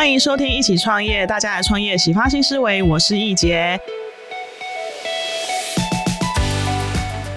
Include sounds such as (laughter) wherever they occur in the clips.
歡迎收聽《一起創業》，大家來創業，啟發性思維。我是易傑。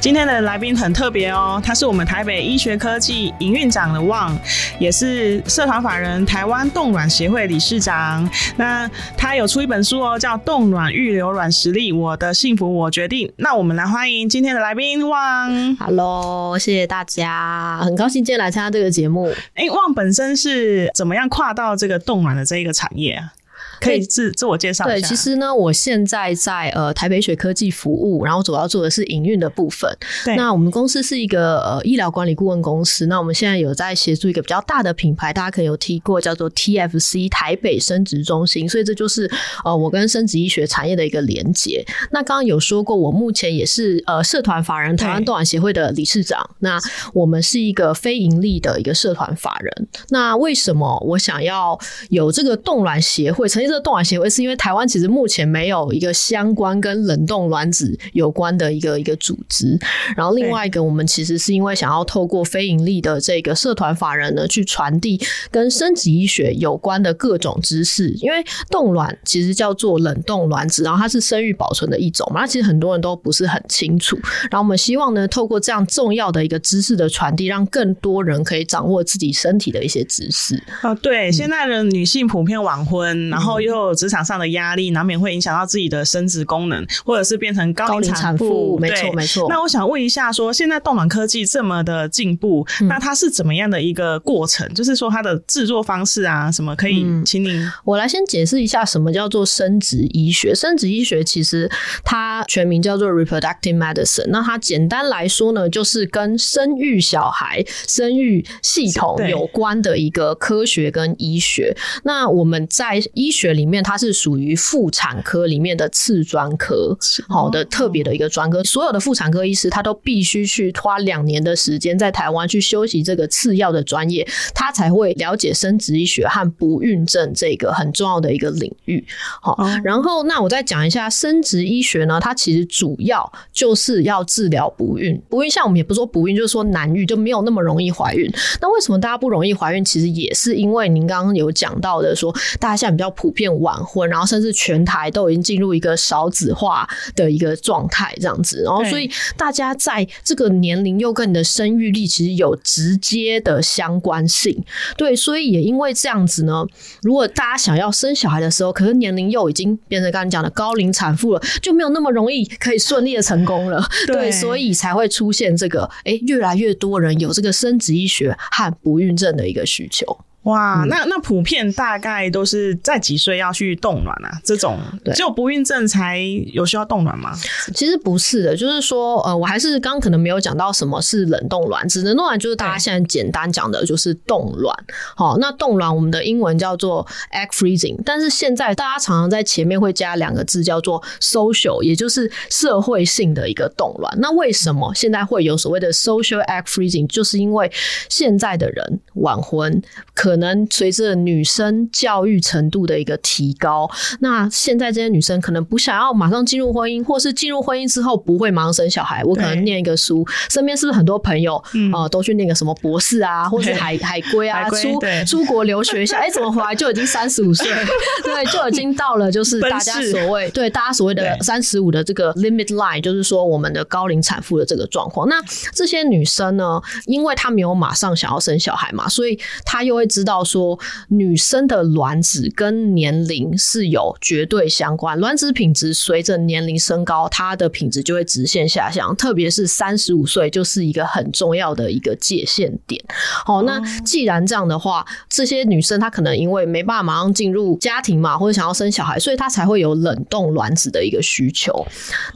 今天的來賓很特別哦，他是我們台北醫學科技營運長的 Wan，也是社團法人台灣凍卵協會理事長。那他有出一本書哦，叫《凍卵預留軟實力》，我的幸福我決定。那我們來歡迎今天的來賓 Wan。Hello，謝謝大家，很高興今天來參加這個節目。哎、欸，Wan 本身是怎麼樣跨到這個凍卵的這一個產業啊？可以自自我介紹一下。對，其實呢，我現在在呃台北學科技服務，然後主要做的是營運的部分。對那我們公司是一個呃醫療管理顧問公司。那我們現在有在協助一個比較大的品牌，大家可能有提過，叫做 TFC 台北生殖中心。所以這就是呃我跟生殖醫學產業的一個連結。那剛剛有說過，我目前也是呃社團法人台灣動卵協會的理事長。對那我們是一個非營利的一個社團法人。那為什麼我想要有這個動卵協會？曾經這凍卵協會是因為台灣其實目前沒有一個相關跟冷凍卵子有關的一個一個組織，然後另外一個我們其實是因為想要透過非營利的這個社團法人呢，去傳遞跟生殖醫學有關的各種知識。因為凍卵其實叫做冷凍卵子，然後它是生育保存的一種嘛，那其實很多人都不是很清楚。然後我們希望呢，透過這樣重要的一個知識的傳遞，讓更多人可以掌握自己身體的一些知識啊、嗯。哦、對，現在的女性普遍晚婚，然後。最後職場上的壓力難免會影響到自己的生殖功能，或者是變成高齡產婦。產對沒錯錯，沒錯。那我想問一下，說現在凍卵科技這麼的進步，嗯、那它是怎麼樣的一個過程？就是說它的制作方式啊，什麼可以，嗯、請你您我來先解釋一下，什麼叫做生殖醫學？生殖醫學其實它全名叫做 Reproductive Medicine。那它簡單來說呢，就是跟生育小孩、生育系統有關的一個科學跟醫學。那我們在醫學裡面它是屬於婦產科裡面的次專科，好的特別的一個專科。所有的婦產科醫師，他都必須去花兩年的時間在台灣去修習這個次要的專業，他才會了解生殖醫學和不孕症這個很重要的一個領域。好，然後那我再講一下生殖醫學呢，它其實主要就是要治療不孕。不孕，像我們也不說不孕，就是說難孕，就沒有那麼容易懷孕。那為什麼大家不容易懷孕？其實也是因為您剛剛有講到的，說大家現在比較普變晚婚，然後甚至全台都已經進入一個少子化的一個狀態，這樣子。然後、嗯哦，所以大家在這個年齡又跟你的生育力其實有直接的相關性。對，所以也因為這樣子呢，如果大家想要生小孩的時候，可是年齡又已經變成剛剛講的高齡產婦了，就沒有那麼容易可以順利的成功了。對，對，所以才會出現這個，誒，越來越多人有這個生殖醫學和不孕症的一個需求。哇，那那普遍大概都是在幾歲要去凍卵啊？嗯、這種只有不孕症才有需要凍卵嗎？其實不是的，就是說，呃，我還是剛剛可能沒有講到什麼是冷凍卵，只能卵，就是大家現在簡單講的就是凍卵。好對，那凍卵我們的英文叫做 egg freezing，但是現在大家常常在前面會加兩個字叫做 social，也就是社會性的一個凍卵。那為什麼現在會有所謂的 social egg freezing？就是因為現在的人晚婚可。可能隨着女生教育程度的一個提高，那現在這些女生可能不想要馬上進入婚姻，或是進入婚姻之後不會馬上生小孩。我可能念一個書，對身邊是不是很多朋友啊，嗯呃，都去念個什麼博士啊，或是海對海歸啊，出對出國留學一下，哎、 (laughs) 欸，怎麼回來就已經三十五歲？ (laughs) 對，就已經到了就是大家所謂事對大家所謂的三十五的這個 limit line，對就是說我們的高齡產婦的這個狀況。那這些女生呢，因為她沒有馬上想要生小孩嘛，所以她又會只。知道說女生的卵子跟年齡是有絕對相關，卵子品質隨着年齡升高，它的品質就會直線下降。特別是三十五歲就是一個很重要的一個界限點。好，哦，那既然這樣的話，oh. 這些女生她可能因為沒辦法馬上進入家庭嘛，或者想要生小孩，所以她才會有冷凍卵子的一個需求。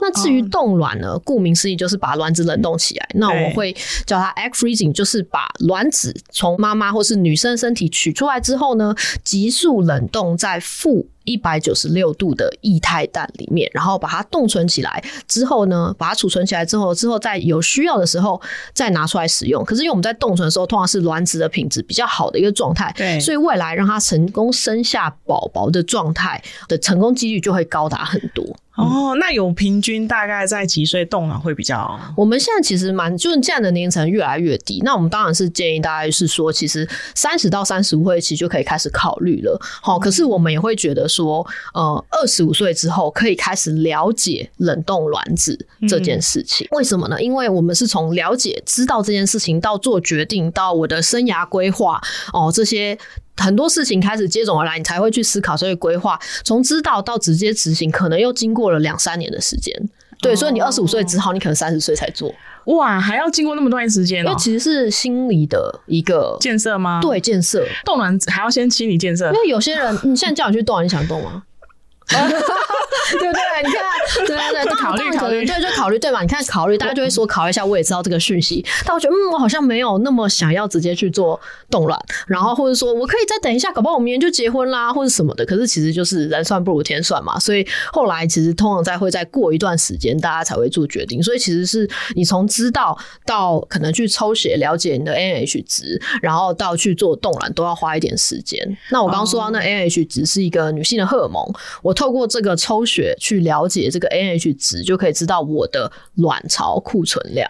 那至於凍卵呢，oh. 顧名思義就是把卵子冷凍起來。那我們會叫它 egg freezing，Hey. 就是把卵子從媽媽或是女生身體取出來之後呢，急速冷凍在負一百九十六度的液態氮裡面，然後把它凍存起來。之後呢，把它儲存起來之後，之後在有需要的時候再拿出來使用。可是，因為我們在凍存的時候，通常是卵子的品質比較好的一個狀態，對，所以未來讓它成功生下寶寶的狀態的成功幾率就會高達很多。哦，那有平均大概在幾歲凍卵會比較、哦？我們現在其實蠻，就是這樣的年齡層越來越低，那我們當然是建議，大家是說，其實三十到三十五歲其實就可以開始考慮了。好、嗯，可是我們也會覺得說，呃，二十五歲之後可以開始了解冷凍卵子這件事情。嗯、為什麼呢？因為我們是從了解、知道這件事情到做決定，到我的生涯規劃哦這些。很多事情開始接踵而來，你才會去思考，所以規劃從知道到直接執行，可能又經過了兩三年的時間。對，oh. 所以你二十五歲之後，你可能三十歲才做。哇，還要經過那麼多年時間呢？喔，其實是心理的一個建設嗎？對，建設凍卵還要先心理建設。因為有些人，你現在叫你去動， (laughs) 你想動嗎？對不對？你看，對對對，當然考慮， (laughs) 對就考慮，對吧？你看，考慮大家就會說考慮一下，我也知道這個訊息。但我覺得，嗯，我好像沒有那麼想要直接去做凍卵，然後或者說我可以再等一下，搞不好我明年就結婚啦，或者什麼的。可是其實就是人算不如天算嘛，所以後來其實通常在會再過一段時間，大家才會做決定。所以其實是你從知道到可能去抽血了解你的 AMH 值，然後到去做凍卵，都要花一點時間。那我剛剛說到，那 AMH 值是一個女性的荷爾蒙，我。透過這個抽血去了解這個 AMH 值，就可以知道我的卵巢庫存量。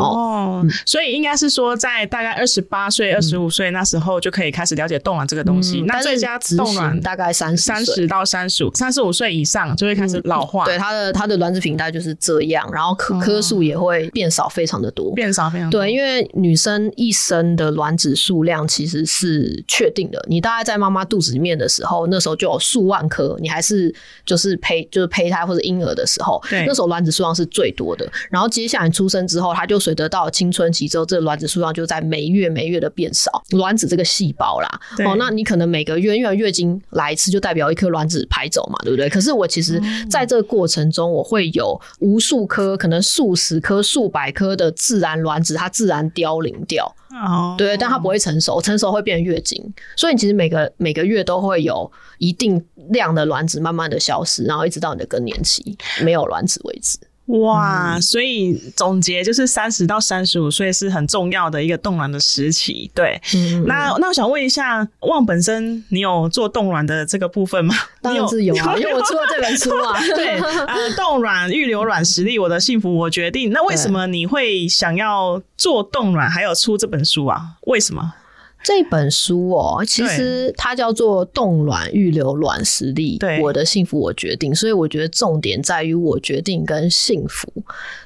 哦，所以應該是說，在大概二十八歲、二十五歲那時候就可以開始了解凍卵這個東西。嗯、那最佳凍卵大概三十到三十五，三十五歲以上就會開始老化。嗯、對，它的它的卵子品台就是這樣，然後顆顆數也會變少，非常的多。變少非常多。對，因為女生一生的卵子數量其實是確定的。你大概在媽媽肚子裡面的時候，那時候就有數萬顆，你還是就是胚就是胚胎或者嬰兒的時候，對那時候卵子數量是最多的。然後接下來出生之後，它就所以得到青春期之後，這個卵子數量就在每月每月的變少。卵子這個細胞啦，對哦，那你可能每個月因為月經來一次，就代表一顆卵子排走嘛，對不對？可是我其實在這個過程中，我會有無數顆，嗯、可能數十顆、數百顆的自然卵子，它自然凋零掉。哦、對，但它不會成熟，成熟會變成月經。所以你其實每個每個月都會有一定量的卵子慢慢的消失，然後一直到你的更年期，沒有卵子為止。哇，所以總結就是三十到三十五歲是很重要的一個凍卵的時期，對。嗯嗯，那那我想問一下，Wan 本身你有做凍卵的這個部分嗎？當然是有啊，有因為我出了這本書啊。 (laughs) 對， (laughs) 呃，凍卵預留卵實力，我的幸福我決定。那為什麼你會想要做凍卵，還有出這本書啊？為什麼？這本書哦、喔，其實它叫做《凍卵預留卵實力》對，我的幸福我決定。所以我覺得重點在於我決定跟幸福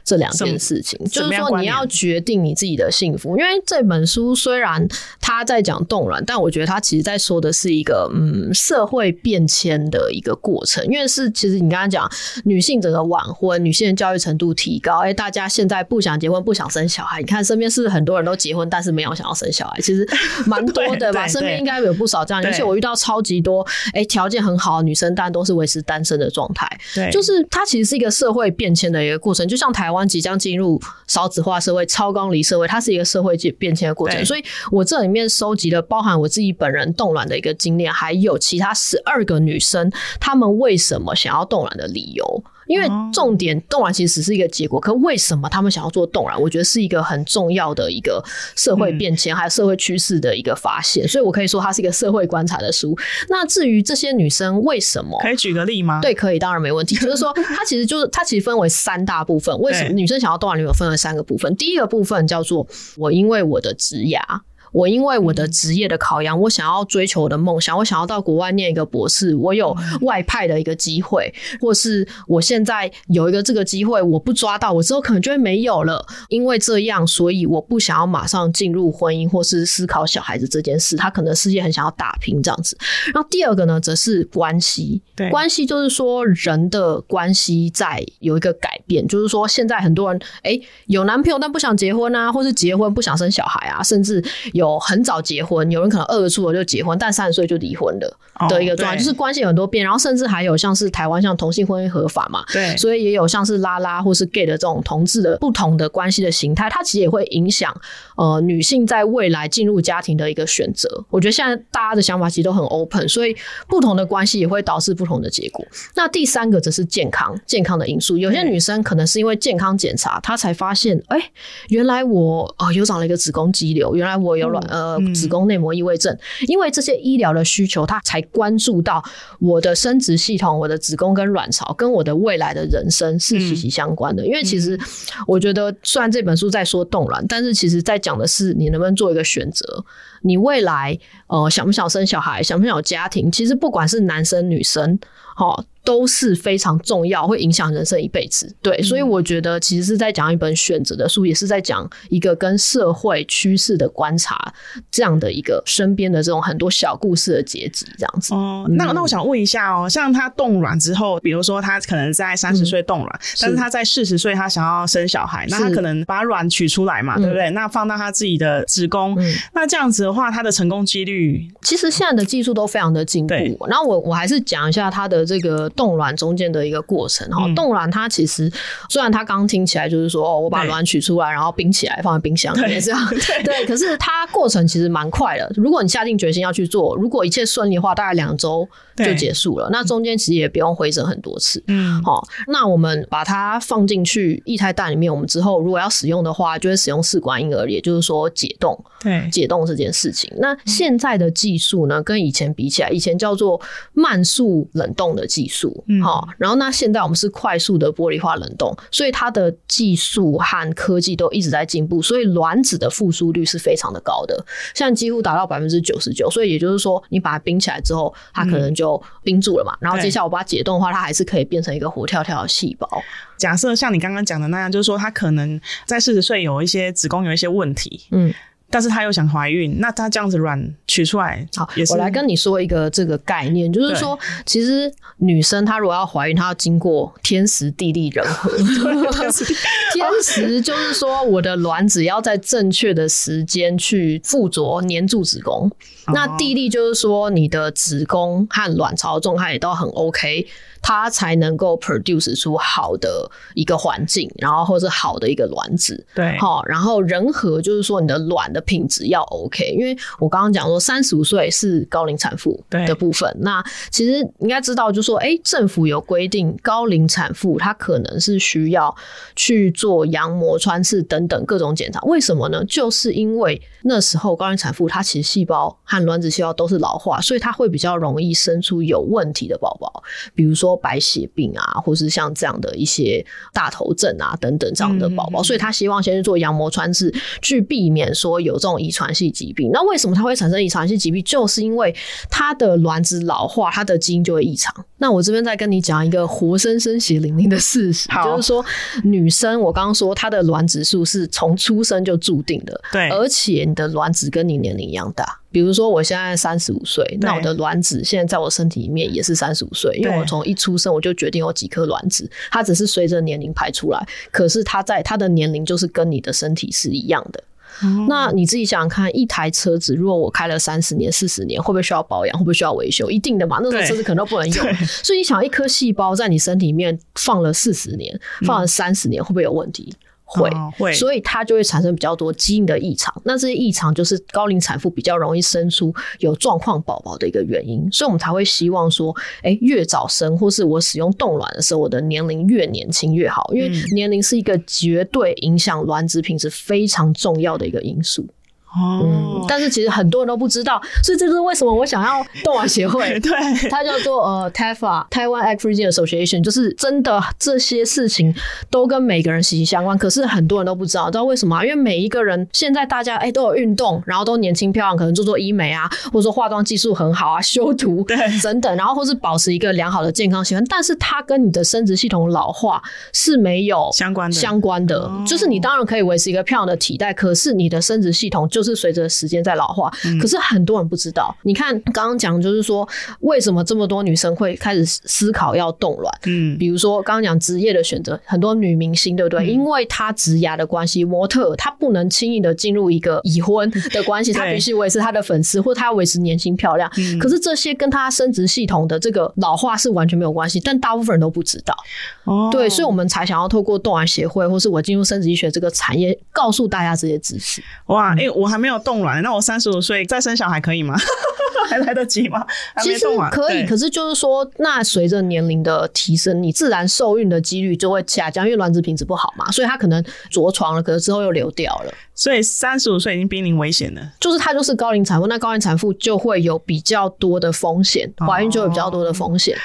這兩件事情，就是說你要決定你自己的幸福。因為這本書雖然它在講凍卵，但我覺得它其實在說的是一個嗯社會變遷的一個過程。因為是其實你剛剛講女性整個晚婚，女性的教育程度提高，哎、欸，大家現在不想結婚、不想生小孩。你看身邊是不是很多人都結婚，但是沒有想要生小孩？其實。 (laughs) 蠻多的吧，對對對，身邊應該有不少這樣，對對對，而且我遇到超級多，哎、欸，條件很好的女生，但都是維持單身的狀態。對就是它，其實是一個社會變遷的一個過程，就像台灣即將進入少子化社會、超高齡社會，它是一個社會變變遷的過程。對所以我這裡面收集了包含我自己本人凍卵的一個經驗，還有其他十二個女生她們為什麼想要凍卵的理由。因為重點、哦、凍卵其實是一個結果，可為什麼他們想要做凍卵？我覺得是一個很重要的一個社會變遷、嗯、還有社會趨勢的一個發現，所以我可以說它是一個社會觀察的書。那至於這些女生為什麼，可以舉個例嗎？對，可以，當然沒問題。 (laughs) 就是說，它其實就是它其實分為三大部分。為什麼女生想要凍卵裡面？分為三個部分。對第一個部分叫做我因為我的職涯。我因為我的職業的考量，我想要追求我的夢想，我想要到國外念一個博士。我有外派的一個機會，或是我現在有一個這個機會，我不抓到，我之後可能就會沒有了。因為這樣，所以我不想要馬上進入婚姻，或是思考小孩子這件事。他可能事業很想要打拼這樣子。然後第二個呢，則是關係。對關係就是說人的關係在有一個改變，就是說現在很多人哎、欸、有男朋友但不想結婚啊，或是結婚不想生小孩啊，甚至。有很早結婚，有人可能二十出頭就結婚，但三十歲就離婚了、oh, 的一個狀態，對就是關係有很多變。然後甚至還有像是台灣，像同性婚姻合法嘛，對，所以也有像是拉拉或是 gay 的這種同志的不同的關係的形態，它其實也會影響呃女性在未來進入家庭的一個選擇。我覺得現在大家的想法其實都很 open，所以不同的關係也會導致不同的結果。那第三個則是健康，健康的因素，有些女生可能是因為健康檢查，她才發現，哎、欸，原來我呃有長了一個子宮肌瘤，原來我有。卵、嗯嗯、呃子宮內膜異位症，因為這些醫療的需求，它才關注到我的生殖系統、我的子宮跟卵巢，跟我的未來的人生是息息相關的。嗯、因為其實我覺得，雖然這本書在說凍卵，但是其實在講的是你能不能做一個選擇，你未來呃想不想生小孩，想不想有家庭？其實不管是男生女生，都是非常重要，會影響人生一輩子。對，所以我覺得其實是在講一本選擇的書，也是在講一個跟社會趨勢的觀察，這樣的一個身邊的這種很多小故事的結局。這樣子。哦，那那我想問一下哦，像他凍卵之後，比如說他可能在三十歲凍卵，但是他在四十歲他想要生小孩，那他可能把卵取出來嘛，對不對？那放到他自己的子宮，那這樣子的話，他的成功幾率，其實現在的技術都非常的進步。那我我還是講一下他的這個。凍卵中間的一個過程哈，凍卵它其實雖然它剛聽起來就是說哦，我把卵取出來，然後冰起來放在冰箱裡面這樣，對，可是它過程其實蠻快的。如果你下定決心要去做，如果一切順利的話，大概兩週就結束了。那中間其實也不用回診很多次，嗯，好。那我們把它放進去液態氮裡面，我們之後如果要使用的話，就會使用試管嬰兒，也就是說解凍，對，解凍這件事情。那現在的技術呢，跟以前比起來，以前叫做慢速冷凍的技術。嗯，好、哦。然後那現在我們是快速的玻璃化冷凍，所以它的技術和科技都一直在進步，所以卵子的復甦率是非常的高的，現在幾乎達到百分之九十九。所以也就是說，你把它冰起來之後，它可能就冰住了嘛。嗯、然後接下來我把它解凍的話，它對還是可以變成一個活跳跳的細胞。假設像你剛剛講的那樣，就是說它可能在四十歲有一些子宮有一些問題，嗯。但是她又想懷孕，那她這樣子卵取出來，好，我來跟你說一個這個概念，就是說，對其實女生她如果要懷孕，她要經過天時地利人和。 (laughs) 對天時就是說，我的卵子要在正確的時間去附着、黏住子宮； (laughs) 那地利就是說，你的子宮和卵巢狀態也都很 OK。它才能夠 produce 出好的一個環境，然後或是好的一個卵子。對，然後人和就是說你的卵的品質要 OK，因為我剛剛講說三十五歲是高齡產婦的部分，對那其實應該知道就是，就說哎，政府有規定高齡產婦她可能是需要去做羊膜穿刺等等各種檢查，為什麼呢？就是因為那時候高齡產婦她其實細胞和卵子細胞都是老化，所以她會比較容易生出有問題的寶寶，比如說。白血病啊，或是像這樣的一些大頭症啊等等這樣的寶寶，嗯嗯嗯，所以他希望先去做羊膜穿刺，去避免說有這種遺傳性疾病。那為什麼它會產生遺傳性疾病？就是因為它的卵子老化，它的基因就會異常。那我這邊再跟你講一個活生生血淋淋的事實，好就是說女生，我剛剛說她的卵子數是從出生就注定的，對，而且你的卵子跟你年齡一樣大。比如說，我現在三十五歲，對那我的卵子現在在我身體裡面也是三十五歲，對因為我從一出生我就決定有幾顆卵子，對它只是隨着年齡排出來，可是它在它的年齡就是跟你的身體是一樣的。嗯、那你自己想想看，一台車子如果我開了三十年、四十年，會不會需要保養？會不會需要維修？一定的嘛，那台車子可能都不能用。所以你想，一顆細胞在你身體裡面放了四十年，放了三十年，會不會有問題？嗯會、哦，會。所以它就會產生比較多基因的異常。那這些異常就是高齡產婦比較容易生出有狀況寶寶的一個原因。所以我們才會希望說，哎、欸，越早生，或是我使用凍卵的時候，我的年齡越年輕越好，因為年齡是一個絕對影響卵子品質非常重要的一個因素。嗯嗯、哦，但是其實很多人都不知道，所以這就是為什麼我想要凍卵協會，對，對，它叫做呃 TEFA 台灣 Egg Freezing Association，就是真的這些事情都跟每個人息息相關。可是很多人都不知道，知道為什麼嗎？因為每一個人現在大家哎、欸、都有運動，然後都年輕漂亮，可能做做醫美啊，或者說化妝技術很好啊，修圖對，等等，然後或是保持一個良好的健康習慣，但是它跟你的生殖系統老化是沒有相關的，相關的，關的，哦、就是你當然可以維持一個漂亮的體態，可是你的生殖系統就是是隨着時間在老化，嗯、可是很多人不知道。你看剛剛講，就是說為什麼這麼多女生會開始思考要凍卵？嗯，比如說剛剛講職業的選擇，很多女明星對不對？嗯、因為她職業的關係，模特她不能輕易的進入一個已婚的關係。對她必須維持她的粉絲，或她要維持年輕漂亮。嗯、可是這些跟她生殖系統的這個老化是完全沒有關係，但大部分人都不知道。哦、對，所以我們才想要透過凍卵協會，或是我進入生殖醫學這個產業，告訴大家這些知識。哇，嗯欸、我。還沒有凍卵，那我三十五歲再生小孩可以嗎？ (laughs) 還來得及嗎？還沒凍卵？其實可以，對可是就是說，那隨着年齡的提升，你自然受孕的幾率就會下降，因為卵子品質不好嘛，所以它可能着床了，可能之後又流掉了。所以三十五歲已經瀕臨危險了，就是他就是高齡產婦，那高齡產婦就會有比較多的風險，懷孕就有比較多的風險。哦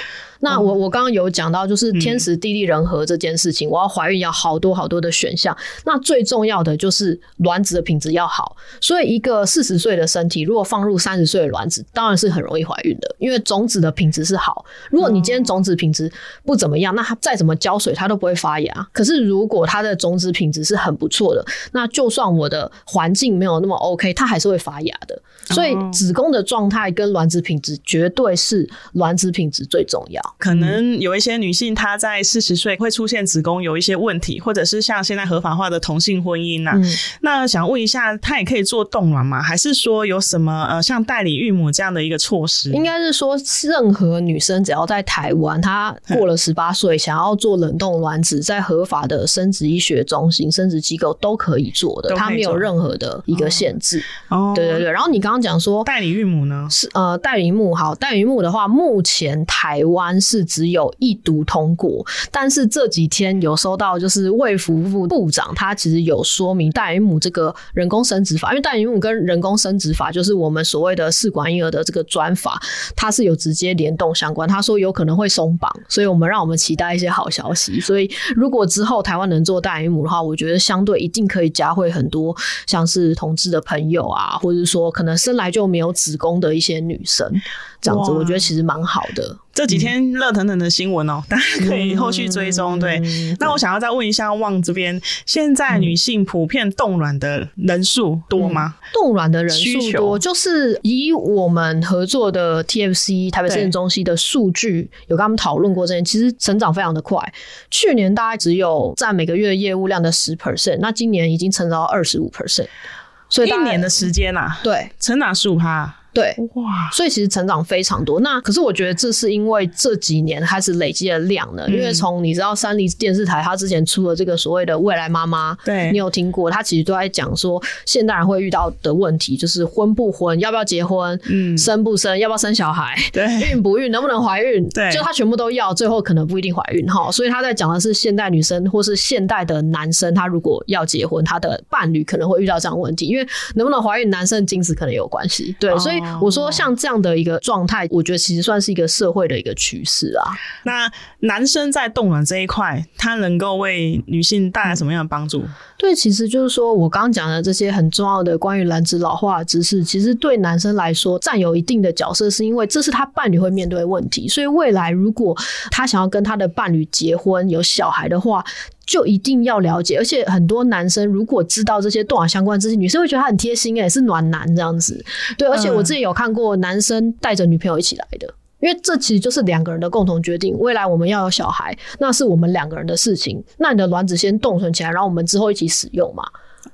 那我我剛剛有講到，就是天時地利人和這件事情，嗯、我要懷孕要好多好多的選項。那最重要的就是卵子的品質要好。所以一個四十歲的身體，如果放入三十歲的卵子，當然是很容易懷孕的，因為種子的品質是好。如果你今天種子品質不怎麼樣，嗯、那它再怎麼澆水，它都不會發芽。可是如果它的種子品質是很不錯的，那就算我的環境沒有那麼 OK，它還是會發芽的。所以子宮的狀態跟卵子品質，絕對是卵子品質最重要。可能有一些女性她在四十歲會出現子宮有一些問題，或者是像現在合法化的同性婚姻吶、啊。嗯、那想問一下，她也可以做凍卵嗎？還是說有什麼呃像代理孕母這樣的一個措施？應該是說，任何女生只要在台灣，她過了十八歲，嗯、想要做冷凍卵子，在合法的生殖醫學中心、生殖機構都可以做的，做她沒有任何的一個限制。哦，對對對。然後你剛剛講說代理孕母呢？是呃代理母好，代理母的話，目前台灣。是只有一讀通過，但是這幾天有收到，就是衛福部長他其實有說明，代孕母這個人工生殖法，因為代孕母跟人工生殖法，就是我們所謂的試管嬰兒的這個專法，它是有直接聯動相關。他說有可能會鬆綁，所以我們讓我們期待一些好消息。所以如果之後台灣能做代孕母的話，我覺得相對一定可以嘉惠很多，像是同志的朋友啊，或者說可能生來就沒有子宮的一些女生，這樣子，我覺得其實蠻好的。這幾天熱騰騰的新聞哦，嗯、大家可以,以後續追蹤。嗯、對，嗯、對那我想要再問一下旺、嗯、這邊，現在女性普遍凍卵的人數多嗎？凍卵、嗯、的人數多，求就是以我們合作的 TFC 台北生殖中心的數據，對有跟他們討論過這件，其實成長非常的快。去年大概只有占每個月業務量的十 percent，那今年已經成長到二十五 percent，所以一年的時間吶、啊，對，成長十五趴。對，哇，所以其實成長非常多。那可是我覺得這是因為這幾年開始累積的量呢。嗯、因為從你知道，三立電視台它之前出了這個所謂的《未來媽媽》，對，你有聽過？他其實都在講說現代人會遇到的問題，就是婚不婚，要不要結婚？嗯，生不生，要不要生小孩？對，孕不孕，能不能懷孕？對，就他全部都要。最後可能不一定懷孕哈。對所以他在講的是現代女生或是現代的男生，他如果要結婚，他的伴侶可能會遇到這樣問題，因為能不能懷孕，男生精子可能有關係。對，所以、哦。Oh. 我說像這樣的一個狀態，我覺得其實算是一個社會的一個趨勢啊。那男生在凍卵這一塊，他能夠為女性帶來什麼樣的幫助？嗯。對，其實就是說我剛剛講的這些很重要的關於卵子老化的知識，其實對男生來說占有一定的角色，是因為這是他伴侶會面對問題，所以未來如果他想要跟他的伴侶結婚、有小孩的話。就一定要了解，而且很多男生如果知道這些凍卵相關知識，女生會覺得他很貼心哎、欸，是暖男這樣子。對，而且我自己有看過男生帶着女朋友一起來的，因為這其實就是兩個人的共同決定。未來我們要有小孩，那是我們兩個人的事情，那你的卵子先凍存起來，然後我們之後一起使用嘛。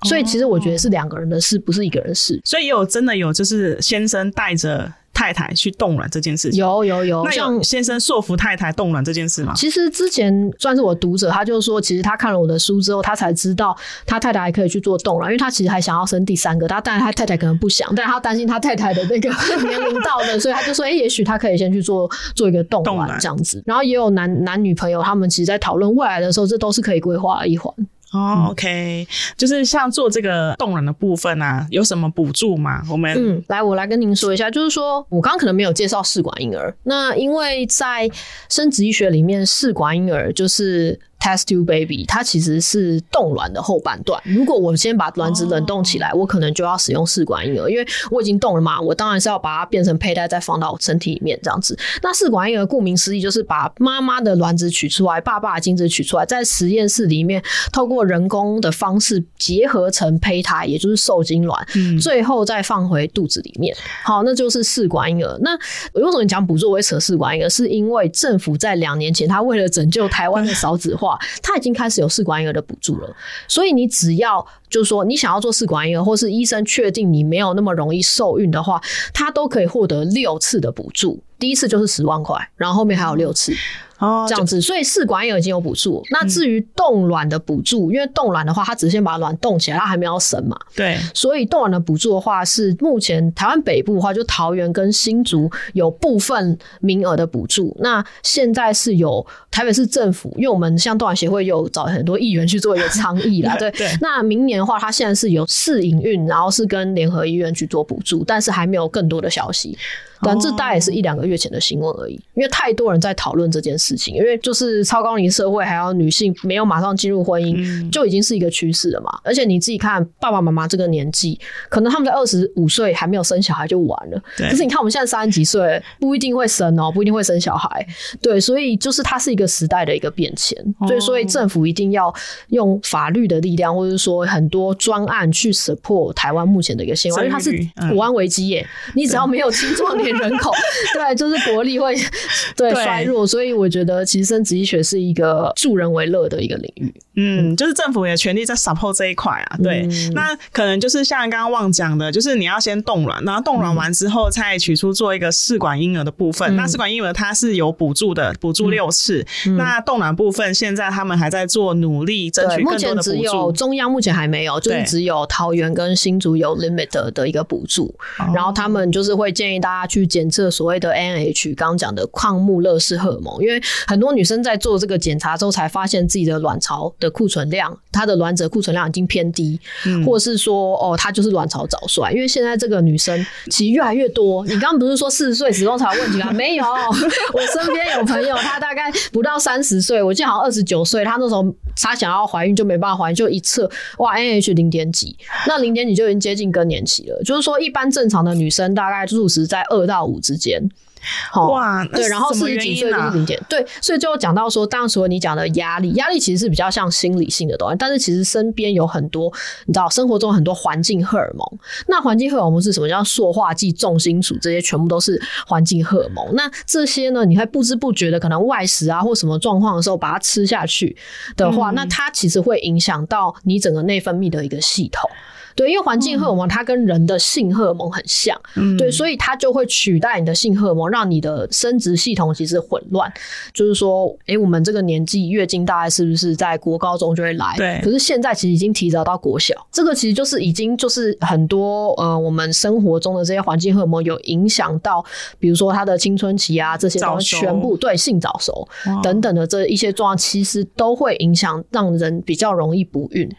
所以其實我覺得是兩個人的事，不是一個人的事。所以也有真的有就是先生帶着。太太去凍卵這件事情，有有有，那像先生說服太太凍卵這件事嗎？其實之前算是我讀者，他就說，其實他看了我的書之後，他才知道他太太還可以去做凍卵，因為他其實還想要生第三個，他當然他太太可能不想，但他擔心他太太的那個年齡到了， (laughs) 所以他就說，哎、欸，也許他可以先去做做一個凍卵這樣子。凍卵。然後也有男男女朋友他們其實，在討論未來的時候，這都是可以規劃的一環。哦、oh,，OK，、嗯、就是像做這個凍卵的部分啊，有什麼補助嗎？我們嗯，來，我來跟您說一下，就是說我剛剛可能沒有介紹試管嬰兒，那因為在生殖醫學裡面，試管嬰兒就是。Test tube baby，它其實是凍卵的後半段。如果我先把卵子冷凍起來，哦、我可能就要使用試管嬰兒，因為我已經凍了嘛。我當然是要把它變成胚胎，再放到我身體裡面這樣子。那試管嬰兒顧名思義，就是把媽媽的卵子取出來，爸爸的精子取出來，在實驗室裡面透過人工的方式結合成胚胎，也就是受精卵，嗯、最後再放回肚子裡面。好，那就是試管嬰兒。那如果你講補助會扯試管嬰兒？是因為政府在兩年前，他為了拯救台灣的少子化。 (laughs) 他已經開始有試管嬰兒的補助了，所以你只要就是說你想要做試管嬰兒，或是醫生確定你沒有那麼容易受孕的話，他都可以獲得六次的補助，第一次就是十萬塊，然後後面還有六次。哦，oh, 這樣子，就所以試管也已經有補助。嗯、那至於凍卵的補助，因為凍卵的話，它只是先把卵凍起來，它還沒有要生嘛。對。所以凍卵的補助的話，是目前台灣北部的話，就桃園跟新竹有部分名額的補助。那現在是有台北市政府，因為我們像凍卵協會有找很多議員去做一個倡議啦。 (laughs) 對。對對那明年的話，它現在是有試營運，然後是跟聯合醫院去做補助，但是還沒有更多的消息。反正這大概也是一兩個月前的新聞而已，oh, 因為太多人在討論這件事。事情，因為就是超高齡社會，還有女性沒有馬上進入婚姻，嗯、就已經是一個趨勢了嘛。而且你自己看，爸爸媽媽這個年紀，可能他們在二十五歲，還沒有生小孩就完了。對可是你看，我們現在三十幾歲，不一定會生哦、喔，不一定會生小孩。對，所以就是它是一個時代的一個變遷。哦、所以，所以政府一定要用法律的力量，或者是說很多專案去 support 台灣目前的一個現狀，日日因為它是國安危機耶。嗯、你只要沒有青壯年人口，對, (laughs) 對，就是國力會對，對衰弱。所以，我覺得。覺得其實生殖醫學是一個助人為樂的一個領域。嗯，就是政府也全力在 support 這一塊啊。對，嗯、那可能就是像剛剛 Wan 講的，就是你要先凍卵，然後凍卵完之後再取出做一個試管嬰兒的部分。嗯、那試管嬰兒它是有補助的，補助六次。嗯、那凍卵部分，現在他們還在做努力，爭取更多的補助。目前只有中央目前還沒有，就是、只有桃園跟新竹有 limit 的一個補助。對然後他們就是會建議大家去檢測所謂的 AMH，剛剛講的抗穆勒氏荷爾蒙，因為很多女生在做這個檢查之後才發現自己的卵巢的。庫存量，她的卵子庫存量已經偏低，嗯、或是說哦，她就是卵巢早衰，因為現在這個女生其實越來越多。你剛剛不是說四十歲子宮才有問題嗎？ (laughs) 沒有，我身邊有朋友，她大概不到三十歲，我記得好像二十九歲，她那時候她想要懷孕就沒辦法懷孕，就一測，哇，AMH 零點幾，那零點幾就已經接近更年期了。就是說，一般正常的女生大概數值在二到五之間。嗯、哇，啊、對，然後四十幾歲就是、嗯、對，所以最後講到說，當時你講的壓力，壓力其實是比較像心理性的東西，但是其實身邊有很多，你知道生活中很多環境荷爾蒙。那環境荷爾蒙是什麼？叫塑化劑、重金屬，這些全部都是環境荷爾蒙。嗯、那這些呢，你在不知不覺的可能外食啊或什麼狀況的時候，把它吃下去的話，嗯、那它其實會影響到你整個內分泌的一個系統。對，因為環境荷爾蒙它跟人的性荷爾蒙很像，嗯、對，所以它就會取代你的性荷爾蒙，嗯、讓你的生殖系統其實混亂。就是說，哎、欸，我們這個年紀月經大概是不是在國高中就會來？對，可是現在其實已經提早到，到國小，這個其實就是已經就是很多呃，我們生活中的這些環境荷爾蒙有影響到，比如說他的青春期啊，這些東西熟全部對性早熟哇等等的這一些狀況，其實都會影響，讓人比較容易不孕。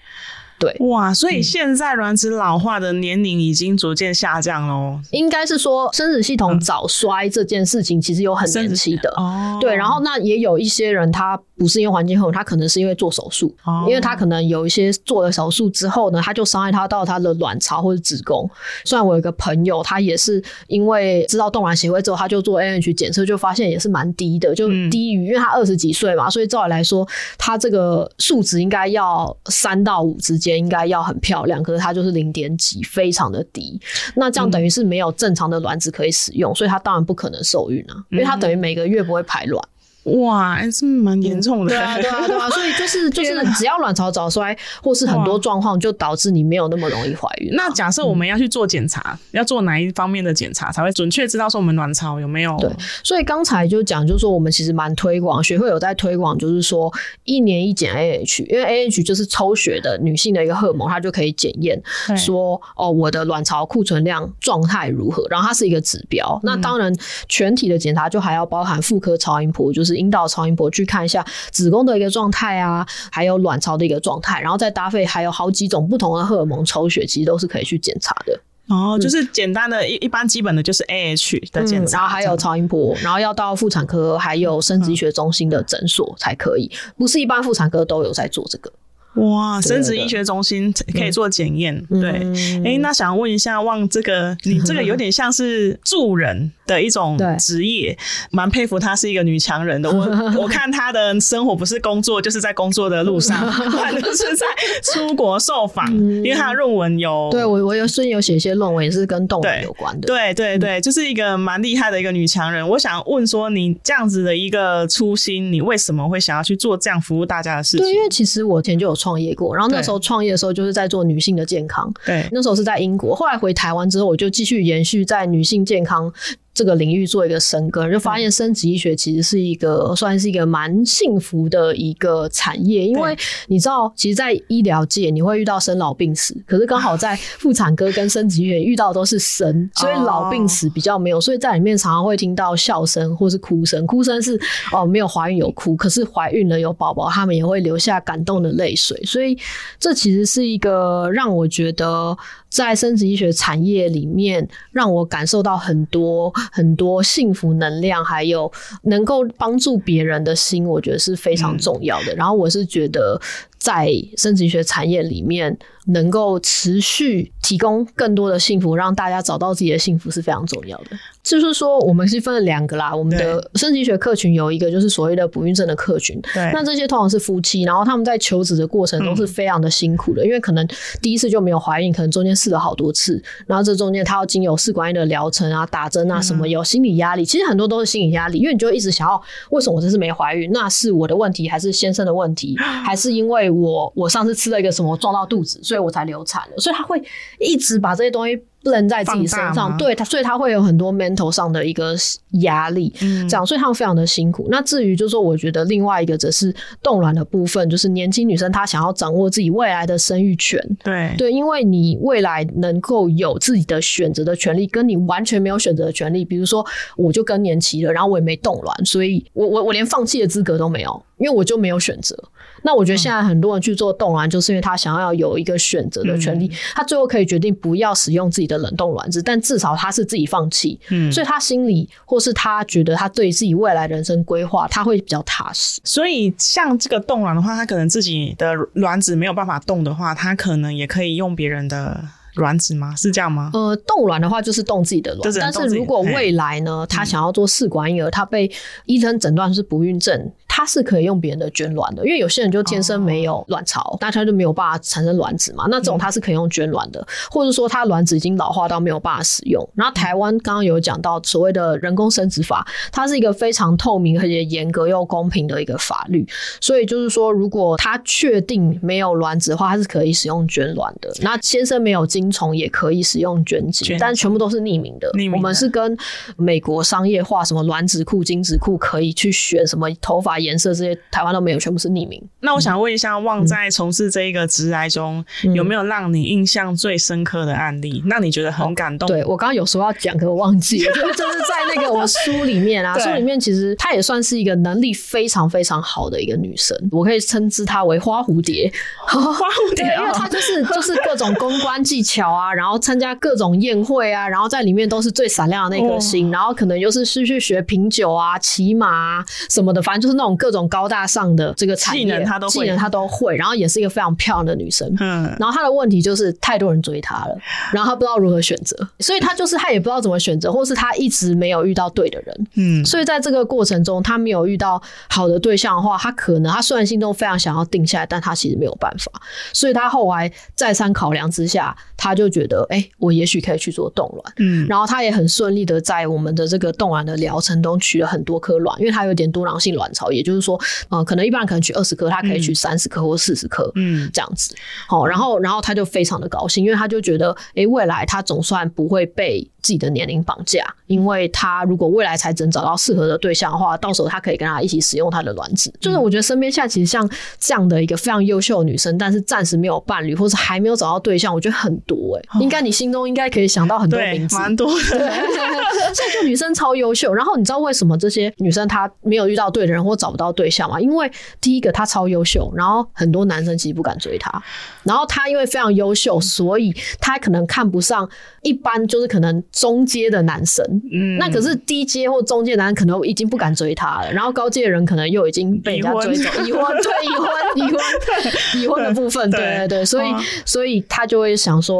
對，哇，所以現在卵子老化的年齡已經逐漸下降哦、嗯。應該是說生殖系統早衰這件事情其實有很神奇的哦。對，然後那也有一些人他不是因為環境後，他可能是因為做手術，哦、因為他可能有一些做了手術之後呢，他就傷害他到他的卵巢或者子宮。雖然我有個朋友，他也是因為知道凍卵協會之後，他就做 AMH 檢測，就發現也是蠻低的，就低於，嗯、因為他二十幾歲嘛，所以照理來說，他這個數值應該要三到五之間。應該要很漂亮，可是它就是零點幾，非常的低。那這樣等於是沒有正常的卵子可以使用，嗯、所以它當然不可能受孕了、啊，因為它等於每個月不會排卵。哇，還、欸、是蠻嚴重的對、啊，對啊，對啊，所以就是就是，只要卵巢早衰或是很多狀況，哇就導致你沒有那麼容易懷孕。那假設我們要去做檢查，嗯、要做哪一方面的檢查才會準確知道說我們卵巢有沒有？對，所以剛才就講，就是說我們其實蠻推廣，學會有在推廣，就是說一年一檢 AMH，因為 AMH 就是抽血的女性的一個荷爾蒙，它就可以檢驗說哦對，我的卵巢庫存量狀態如何，然後它是一個指標。嗯、那當然，全體的檢查就還要包含婦科超音波，就是。陰道超音波去看一下子宮的一個狀態啊，還有卵巢的一個狀態，然後再搭配還有好幾種不同的荷爾蒙抽血，其實都是可以去檢查的。哦，就是簡單的一、嗯、一般基本的就是 AMH 的檢查，嗯，然後還有超音波，然後要到婦產科還有生殖醫學中心的診所才可以，不是一般婦產科都有在做這個。哇，生殖醫學中心可以做檢驗，對，哎，那想問一下，Wan 這個你這個有點像是助人的一種職業，蠻佩服她是一個女強人的。我我看她的生活不是工作，就是在工作的路上，反正是在出國受訪，因為她的論文有。對，我我有順有寫一些論文，也是跟動物有關的。對對對，就是一個蠻厲害的一個女強人。我想問說，你這樣子的一個初心，你為什麼會想要去做這樣服務大家的事情？對，因為其實我前就有。創業過，然後那時候創業的時候就是在做女性的健康，對，那時候是在英國，後來回台灣之後，我就繼續延續在女性健康。這個領域做一個深耕，就發現生殖醫學其實是一個、嗯、算是一個蠻幸福的一個產業，因為你知道，對其實，在醫療界你會遇到生老病死，可是剛好在婦產科跟生殖醫學遇到都是生，嗯、所以老病死比較沒有，哦、所以在裡面常常會聽到笑聲或是哭聲，哭聲是哦沒有懷孕有哭，可是懷孕了有寶寶，他們也會流下感動的淚水，所以這其實是一個讓我覺得。在生殖醫學產業裡面，讓我感受到很多很多幸福能量，還有能夠幫助別人的心，我覺得是非常重要的。嗯。然後我是覺得，在生殖學產業裡面，能夠持續提供更多的幸福，讓大家找到自己的幸福是非常重要的。就是說，我們是分了兩個啦。嗯、我們的生殖學客群有一個，就是所謂的不孕症的客群。那對這些通常是夫妻，然後他們在求子的過程中是非常的辛苦的，嗯、因為可能第一次就沒有懷孕，可能中間試了好多次，然後這中間他要經由試管嬰兒的療程啊、打針啊什麼，有心理壓力。嗯、其實很多都是心理壓力，因為你就一直想要，為什麼我這次沒懷孕？那是我的問題，還是先生的問題？還是因為我我上次吃了一個什麼我撞到肚子，所以我才流產了？所以他會一直把這些東西。不能在自己身上。對他，所以他會有很多 mental 上的一個壓力，這樣，嗯、所以他們非常的辛苦。那至於就是說，我覺得另外一個則是凍卵的部分，就是年輕女生她想要掌握自己未來的生育權，對對，因為你未來能夠有自己的選擇的權利，跟你完全沒有選擇的權利，比如說我就更年期了，然後我也沒凍卵，所以我我我連放棄的資格都沒有。因為我就沒有選擇，那我覺得現在很多人去做凍卵啊，嗯，就是因為他想要有一個選擇的權利，嗯，他最後可以決定不要使用自己的冷凍卵子，但至少他是自己放棄，嗯，所以他心裡或是他覺得他對於自己未來人生規劃，他會比較踏實。所以像這個凍卵的話，他可能自己的卵子沒有辦法凍的話，他可能也可以用別人的。卵子嗎？是這樣嗎？呃，凍卵的話就是凍自己的卵，是的，但是如果未來呢，嘿他想要做試管嬰兒，嗯、他被醫生診斷是不孕症，他是可以用別人的捐卵的，因為有些人就天生沒有卵巢，哦、那他就沒有辦法產生卵子嘛。那這種他是可以用捐卵的，嗯、或者說他卵子已經老化到沒有辦法使用。那台灣剛剛有講到所謂的人工生殖法，它是一個非常透明而且嚴格又公平的一個法律，所以就是說，如果他確定沒有卵子的話，他是可以使用捐卵的。嗯、那先生沒有進。精蟲也可以使用捐精，卷輯但全部都是匿名的。名的我們是跟美國商業化什麼卵子庫、精子庫，可以去選什麼頭髮顏色這些，台灣都沒有，全部是匿名。那我想問一下，嗯、旺在從事這一個職涯中，嗯、有沒有讓你印象最深刻的案例？那、嗯、你覺得很感動？哦、對我剛剛有說要講，可我忘記了，就是 (laughs) 就是在那個我們書裡面啊， (laughs) 對書裡面其實她也算是一個能力非常非常好的一個女生，我可以稱之她為花蝴蝶。 (laughs) 花蝴蝶， (laughs) 因為她就是就是各種公關技巧。巧啊，然後參加各種宴會啊，然後在裡面都是最閃亮的那顆星，oh. 然後可能又是是去學品酒啊、騎馬、啊、什麼的，反正就是那種各種高大上的這個產業，技能他都會、啊，技能他都會。然後也是一個非常漂亮的女生，嗯。然後她的問題就是太多人追她了，然後她不知道如何選擇，所以她就是她也不知道怎麼選擇，或是她一直沒有遇到對的人，嗯。所以在這個過程中，她沒有遇到好的對象的話，她可能她雖然心中非常想要定下來，但她其實沒有辦法，所以她後來再三考量之下。他就覺得，哎、欸，我也許可以去做凍卵，嗯，然後他也很順利的在我們的這個凍卵的療程中取了很多顆卵，因為他有點多囊性卵巢，也就是說，嗯、呃，可能一般人可能取二十顆，他可以取三十顆或四十顆，嗯，這樣子，好、嗯，然後，然後他就非常的高興，因為他就覺得，哎、欸，未來他總算不會被自己的年齡綁架，因為他如果未來才真找到適合的對象的話，到時候他可以跟他一起使用他的卵子。嗯、就是我覺得身邊現在其實像這樣的一個非常優秀的女生，但是暫時沒有伴侶，或是還沒有找到對象，我覺得很多欸，應該你心中應該可以想到很多名字，蠻多的，所以 (laughs) 就女生超優秀。然後你知道為什麼這些女生她沒有遇到對的人或找不到對象嗎？因為第一個她超優秀，然後很多男生其實不敢追她。然後她因為非常優秀，所以她可能看不上一般就是可能中階的男生。嗯，那可是低階或中階男生可能已經不敢追她了。然後高階的人可能又已經被人家追走。已婚， (laughs) 已婚對已婚已婚已婚的部分，對，對對對，所以、啊、所以她就會想說。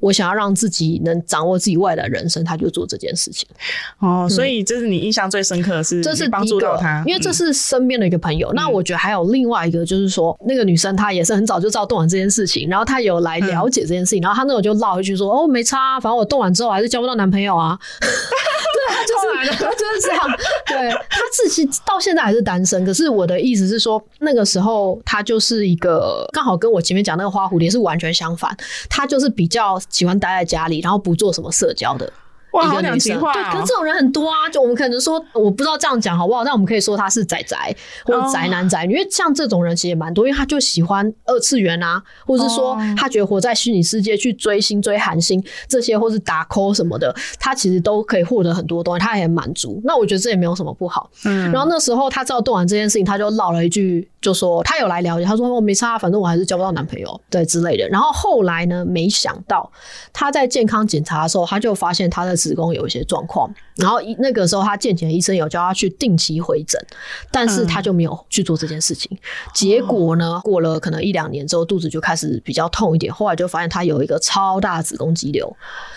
我想要讓自己能掌握自己未來的人生，他就做這件事情。哦，所以這是你印象最深刻的是？這是幫助到他，嗯，因為這是身邊的一個朋友。嗯、那我覺得還有另外一個，就是說那個女生她也是很早就知道凍卵這件事情，然後她有來了解這件事情，嗯、然後她那種就嘮一句說：“哦，沒差，反正我凍卵之後還是交不到男朋友啊。 (laughs) (laughs) 對”對她就是， (laughs) 來就是這樣。對她自己到現在還是單身。可是我的意思是說，那個時候她就是一個剛好跟我前面講那個花蝴蝶是完全相反，她就是比較。喜歡待在家裡，然後不做什麼社交的哇，講情話、哦、對，可是這種人很多啊。就我們可能說，我不知道這樣講好不好，但我們可以說他是宅宅或者宅男宅女，oh. 因為像這種人其實也蠻多，因為他就喜歡二次元啊，或者是說他覺得活在虛擬世界去追星、追韓星這些，oh. 或是打 call 什麼的，他其實都可以獲得很多東西，他也很滿足。那我覺得這也沒有什麼不好。嗯、然後那時候他知道動完這件事情，他就鬧了一句。就說她有來了解，她說我沒差，反正我還是交不到男朋友，對之類的。然後後來呢，沒想到她在健康檢查的時候，她就發現她的子宮有一些狀況。然後那個時候，她健檢的醫生有叫她去定期回診，但是她就沒有去做這件事情。結果呢，過了可能一兩年之後，肚子就開始比較痛一點。後來就發現她有一個超大的子宮肌瘤。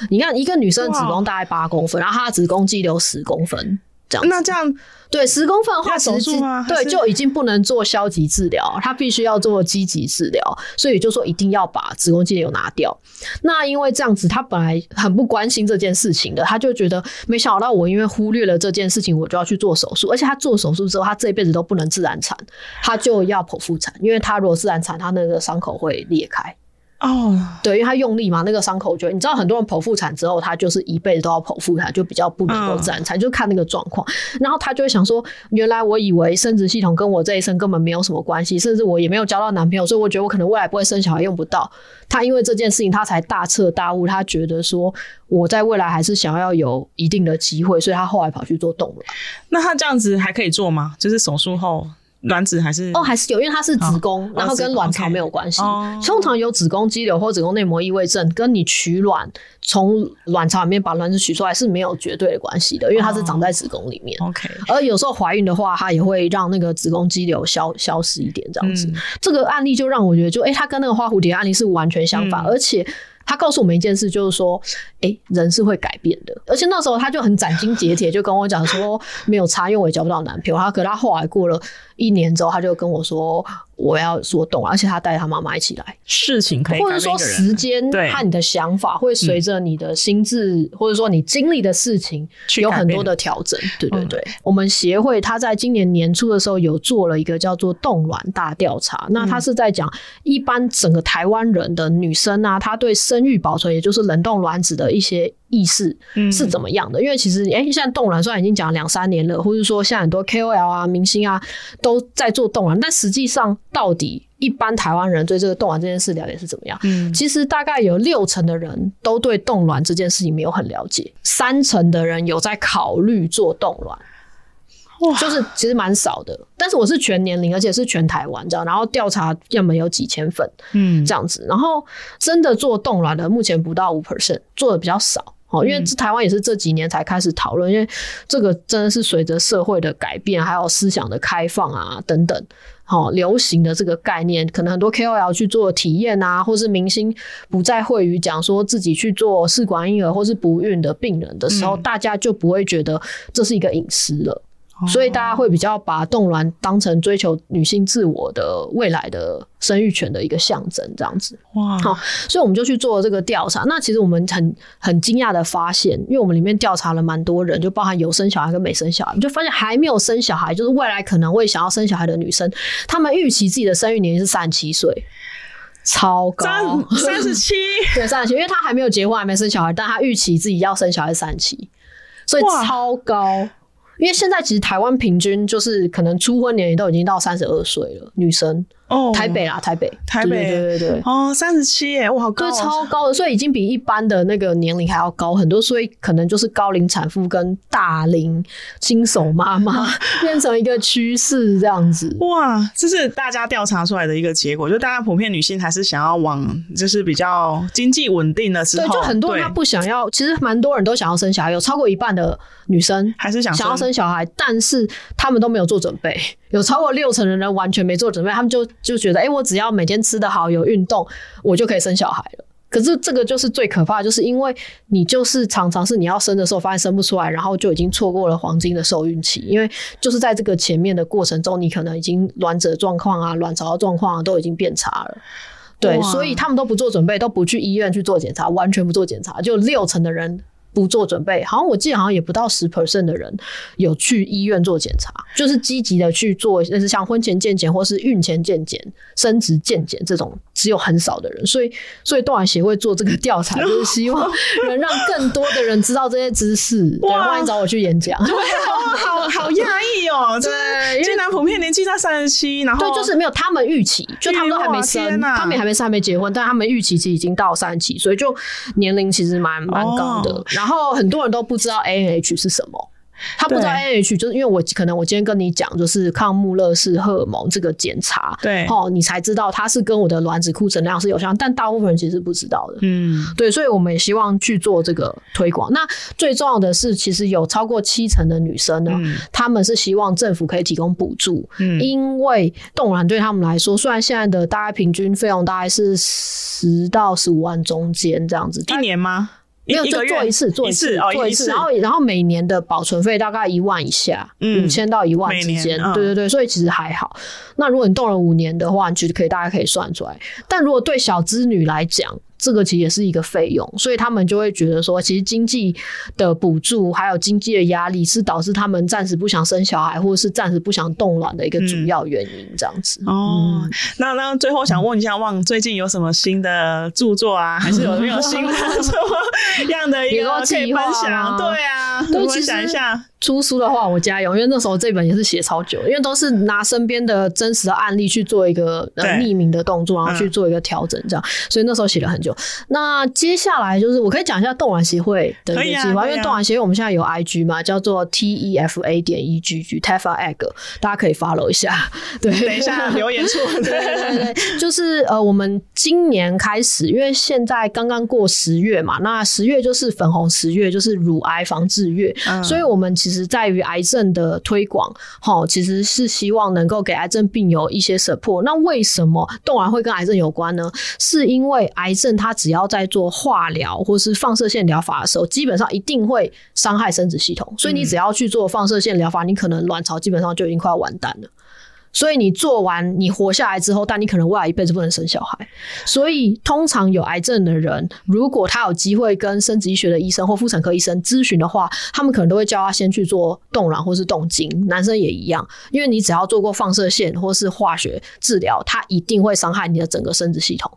你看，一個女生的子宮大概八公分，然後她的子宮肌瘤十公分。這那這樣對，十公分的話，手術嗎？對，是就已經不能做消極治療，他必須要做積極治療，所以就說一定要把子宮肌瘤拿掉。那因為這樣子，他本來很不關心這件事情的，他就覺得沒想到我因為忽略了這件事情，我就要去做手術，而且他做手術之後，他這一輩子都不能自然產，他就要剖腹產，因為他如果自然產，他那個傷口會裂開。哦，oh. 對，因為他用力嘛，那個傷口，我覺得你知道，很多人剖腹產之後，他就是一輩子都要剖腹產，就比較不能夠自然產，oh. 就看那個狀況。然後他就會想說，原來我以為生殖系統跟我這一生根本沒有什麼關係，甚至我也沒有交到男朋友，所以我覺得我可能未來不會生小孩，用不到。他因為這件事情，他才大徹大悟，他覺得說我在未來還是想要有一定的機會，所以他後來跑去做凍卵。那他這樣子還可以做嗎？就是手術後？卵子還是哦，oh, 還是有，因為它是子宮，oh, 然後跟卵巢沒有關係。Okay. Oh. 通常有子宮肌瘤或子宮內膜異位症，跟你取卵從卵巢裡面把卵子取出來是沒有絕對的關係的，因為它是長在子宮裡面。Oh. OK，而有時候懷孕的話，它也會讓那個子宮肌瘤消消失一點這樣子。嗯、這個案例就讓我覺得就，就、欸、誒它跟那個花蝴蝶案例是完全相反，嗯、而且。他告訴我們一件事，就是說，哎、欸，人是會改變的。而且那時候他就很斬釘截鐵， (laughs) 就跟我講說沒有差，因為我也交不到男朋友、啊。他可他後來過了一年之後，他就跟我說。我要說懂，而且他帶他媽媽一起來。事情可以，或者說時間和你的想法會隨着你的心智，對或者說你經歷的事情，有很多的調整。對對對，嗯、我們協會他在今年年初的時候有做了一個叫做凍卵大調查，嗯、那他是在講一般整個台灣人的女生啊，她對生育保存，也就是冷凍卵子的一些。意識是怎麼樣的？嗯、因為其實，哎、欸，現在凍卵雖然已經講了兩三年了，或是說像很多 KOL 啊、明星啊都在做凍卵，但實際上到底一般台灣人對這個凍卵這件事了解是怎麼樣？嗯，其實大概有六成的人都對凍卵這件事情沒有很了解，三成的人有在考慮做凍卵，哇，就是其實蠻少的。但是我是全年齡，而且是全台灣這樣，然後調查樣本有幾千份，嗯，這樣子，然後真的做凍卵的目前不到五 percent，做的比較少。哦，因為這台灣也是這幾年才開始討論，嗯、因為這個真的是隨着社會的改變，還有思想的開放啊等等，好、哦、流行的這個概念，可能很多 KOL 去做體驗啊，或是明星不再諱於講說自己去做試管嬰兒或是不孕的病人的時候，嗯、大家就不會覺得這是一個隱私了。所以大家會比較把凍卵當成追求女性自我的未來的生育權的一個象徵，這樣子。哇，好，所以我們就去做了這個調查。那其實我們很很驚訝的發現，因為我們裡面調查了蠻多人，就包含有生小孩跟沒生小孩，就發現還沒有生小孩，就是未來可能會想要生小孩的女生，他們預期自己的生育年齡是三十七歲，超高三十七，30, (laughs) 對三十七，37, 因為他還沒有結婚，還沒生小孩，但他預期自己要生小孩是三十七，所以超高。因為現在其實台灣平均就是可能初婚年齡都已經到三十二歲了，女生。哦，台北啦，台北，台北，對對對，對，哦，三十七耶，哇，好高，啊，就超高的，所以已經比一般的那個年齡還要高很多，所以可能就是高齡產婦跟大齡新手媽媽 (laughs) 變成一個趨勢這樣子。哇，這是大家調查出來的一個結果，就大家普遍女性還是想要往就是比較經濟穩定的時候，對，就很多人她不想要，對其實蠻多人都想要生小孩，有超過一半的女生還是想想要生小孩，但是他們都沒有做準備。有超過六成的人完全沒做準備，他們就就覺得，誒、欸，我只要每天吃得好、有運動，我就可以生小孩了。可是這個就是最可怕的，就是因為你就是常常是你要生的時候發現生不出來，然後就已經錯過了黃金的受孕期，因為就是在這個前面的過程中，你可能已經卵子狀況啊、卵巢狀況啊，都已經變差了，對，哇所以他們都不做準備，都不去醫院去做檢查，完全不做檢查，就六成的人。不做準備，好像我記得好像也不到十 percent 的人有去醫院做檢查，就是積極的去做，就是像婚前健檢，或是孕前健檢、生殖健檢這種。只有很少的人，所以所以凍卵協會做這個調查， (laughs) 就是希望能讓更多的人知道這些知識。 (laughs) 對，萬一找我去演講，哇 (laughs) 對，哇，好好壓抑哦，喔，對。的，就是，因為男普遍年紀在三十七，然後對，就是沒有他們預期，就，啊，就他們都還沒生，他們也還沒生，還沒結婚，但他們預期其實已經到三十七，所以就年齡其實蠻蠻，oh. 高的。然後很多人都不知道 AMH 是什麼。他不知道 AMH，就是因為我可能我今天跟你講，就是抗穆勒氏荷爾蒙這個檢查，對，哦，你才知道它是跟我的卵子庫存量是有關，但大部分人其實不知道的，嗯，對，所以我們也希望去做這個推廣。那最重要的是，其實有超過七成的女生呢，嗯、他們是希望政府可以提供補助，嗯、因為凍卵對他們來說，雖然現在的大概平均費用大概是十到十五萬中間這樣子，一年嗎？一沒有就做一次，一次做一次，哦、一次做一次，然後然後每年的保存費大概一萬以下，五千、嗯、到一萬之間，年對對對，所以其實還好。嗯、那如果你凍了五年的話，你其實可以大概可以算出來。但如果對小資女來講，這個其實也是一個費用，所以他們就會覺得說，其實經濟的補助還有經濟的壓力是導致他們暫時不想生小孩或者是暫時不想凍卵的一個主要原因，這樣子。嗯、哦，嗯、那那最後想問一下 Wan，最近有什麼新的著作啊？ (laughs) 還是有沒有新的什麼樣的一個可以分享？對啊，分對想一下。出書的話，我加油，因為那時候這本也是寫超久，因為都是拿身邊的真實的案例去做一個呃匿名的動作，然後去做一個調整這樣，嗯、所以那時候寫了很久。那接下來就是我可以講一下凍卵協會的日記，啊、因為凍卵協會我們現在有 I G 嘛，啊、叫做 T E F A 點 E G G T E F A Egg，大家可以 follow 一下。對，等一下留言處， (laughs) 對，對對對， (laughs) 就是呃，我們今年開始，因為現在剛剛過十月嘛，那十月就是粉紅十月，就是乳癌防治月，嗯、所以我們其實。其實在於癌症的推廣，哈，其實是希望能夠給癌症病友一些 support。那為什麼凍卵會跟癌症有關呢？是因為癌症它只要在做化療或是放射線療法的時候，基本上一定會傷害生殖系統。所以你只要去做放射線療法，嗯、你可能卵巢基本上就已經快要完蛋了。所以你做完你活下來之後，但你可能未來一輩子不能生小孩。所以通常有癌症的人，如果他有機會跟生殖醫學的醫生或婦產科醫生諮詢的話，他們可能都會叫他先去做凍卵或是凍精。男生也一樣，因為你只要做過放射線或是化學治療，他一定會傷害你的整個生殖系統。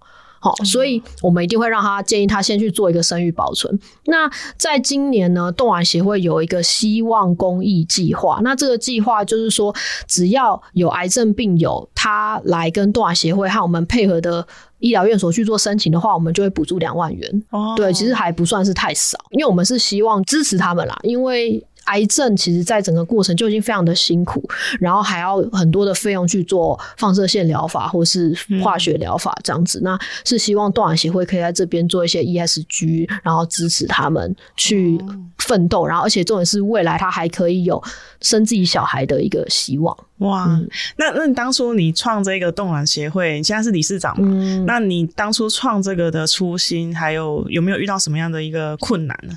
好、哦，所以我們一定會讓他建議他先去做一個生育保存。那在今年呢，凍卵協會有一個希望公益計劃。那這個計劃就是說，只要有癌症病友他來跟凍卵協會和我們配合的醫療院所去做申請的話，我們就會補助兩萬元。哦，對，其實還不算是太少，因為我們是希望支持他們啦，因為。癌症其實，在整個過程就已經非常的辛苦，然後還要很多的費用去做放射線療法或是化學療法這樣子。嗯、那是希望凍卵協會可以在這邊做一些 ESG，然後支持他們去奮鬥。哦、然後，而且重點是未來他還可以有生自己小孩的一個希望。哇！嗯、那那你當初你創這個凍卵協會，你現在是理事長嘛？嗯、那你當初創這個的初心，還有有沒有遇到什麼樣的一個困難呢？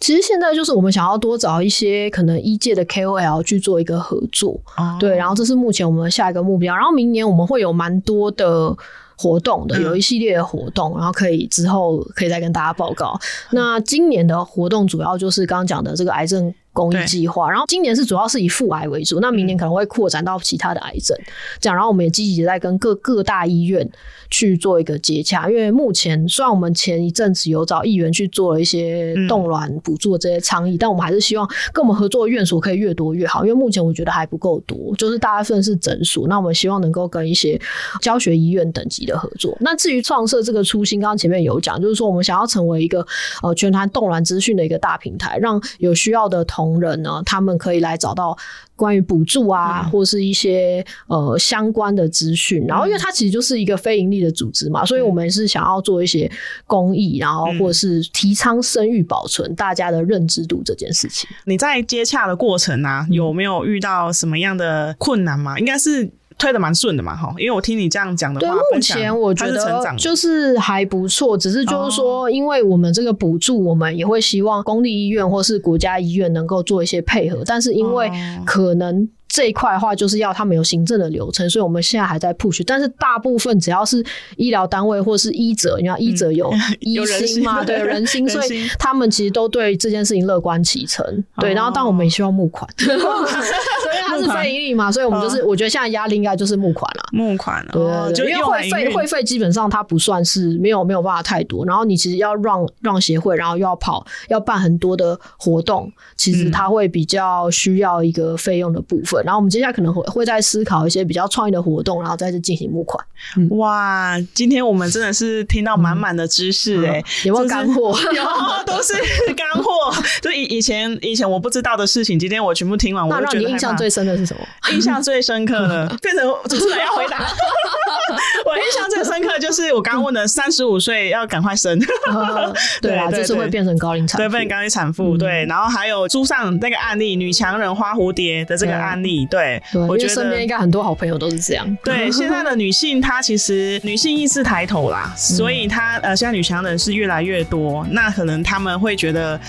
其實現在就是我們想要多找一些可能醫界的 KOL 去做一個合作，oh. 對，然後這是目前我們的下一個目標。然後明年我們會有蠻多的活動的，嗯、有一系列的活動，然後可以之後可以再跟大家報告。嗯、那今年的活動主要就是剛剛講的這個癌症。公益計劃，對然後今年是主要是以婦癌為主，嗯、那明年可能會擴展到其他的癌症，這樣，然後我們也積極在跟各各大醫院去做一個接洽。因為目前雖然我們前一陣子有找議員去做了一些凍卵補助這些倡議，嗯、但我們還是希望跟我們合作的院所可以越多越好，因為目前我覺得還不夠多，就是大家算是診所，那我們希望能夠跟一些教學醫院等級的合作。那至於創設這個初心，剛剛前面有講，就是說我們想要成為一個呃全台凍卵資訊的一個大平台，讓有需要的同同仁呢，他們可以來找到關於補助啊，嗯、或是一些呃相關的資訊。然後，因為它其實就是一個非營利的組織嘛，嗯、所以我們是想要做一些公益，然後或是提倡生育保存、嗯、保存大家的認知度這件事情。你在接洽的過程啊，有沒有遇到什麼樣的困難嗎？應該是。推的蠻順的嘛哈，因為我聽你這樣講的話，對享目前我覺得就是還不錯，只是就是說，因為我們這個補助，哦、我們也會希望公立醫院或是國家醫院能夠做一些配合，但是因為可能。這一塊的話就是要他們有行政的流程，所以我們現在還在 push。但是大部分只要是醫療單位或者是醫者，你看醫者有醫心嘛，對、嗯、人心，所以他們其實都對這件事情樂觀其成。對，oh. 然後，但我們也希望募款， (laughs) (laughs) 募款，所以它是非營利嘛，所以我們就是、oh. 我覺得現在壓力應該就是募款了，募款了、啊，對，對，對，就因為會費會費基本上它不算是沒有沒有辦法太多。然後你其實要讓讓協會，然後又要跑要辦很多的活動，其實他會比較需要一個費用的部分。然後我們接下來可能會會再思考一些比較創意的活動，然後再去進行募款。嗯、哇，今天我們真的是聽到滿滿的知識哎、欸嗯，有，沒有乾貨、就是，有 (laughs) 都是乾貨。 (laughs) 就以以前以前我不知道的事情，今天我全部聽完，那讓你印象最深的是什麼？印象最深刻的 (laughs) 變成真的、就是、要回答。 (laughs) 我印象最深刻就是我剛剛問的三十五歲要趕快生， (laughs) 嗯、對啊，就是會變成高齡產，對，變成高齡產婦。嗯、對，然後還有書上那個案例，女強人花蝴蝶的這個案例。對，對我覺得身邊應該很多好朋友都是這樣。對，現在的女性 (laughs) 她其實女性意識抬頭啦，所以她、嗯、呃現在女強人是越來越多，那可能她們會覺得。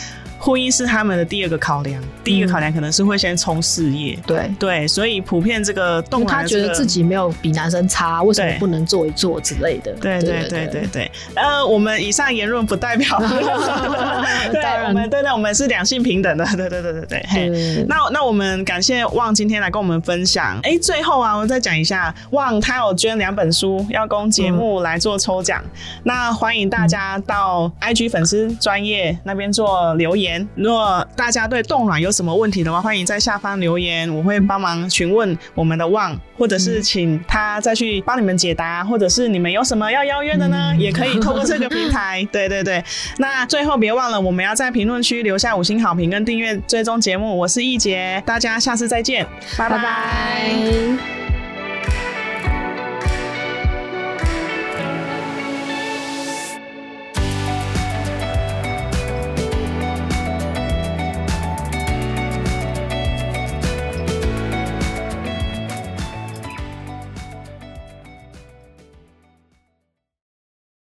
婚姻是他們的第二個考量，第一個考量可能是會先衝事業。嗯、對對，所以普遍這個動他覺得自己沒有比男生差，為什麼不能做一做之類的？對對對對，對對對對。嗯、呃，我們以上言論不代表，對，我們對的，我們是兩性平等的。對對對對對。嗯、嘿，那那我們感謝 Wan 今天來跟我們分享。哎、欸，最後啊，我再講一下，Wan 他有捐兩本書要供節目來做抽獎，嗯、那歡迎大家到 IG 粉絲專業那邊做留言。如果大家對凍卵有什麼問題的話，歡迎在下方留言，我會幫忙詢問我們的 Wan，或者是請他再去幫你們解答，或者是你們有什麼要邀約的呢，嗯、也可以透過這個平台。 (laughs) 對對對，那最後別忘了我們要在評論區留下五星好評跟訂閱追蹤節目。我是易傑，大家下次再見，拜拜拜。Bye bye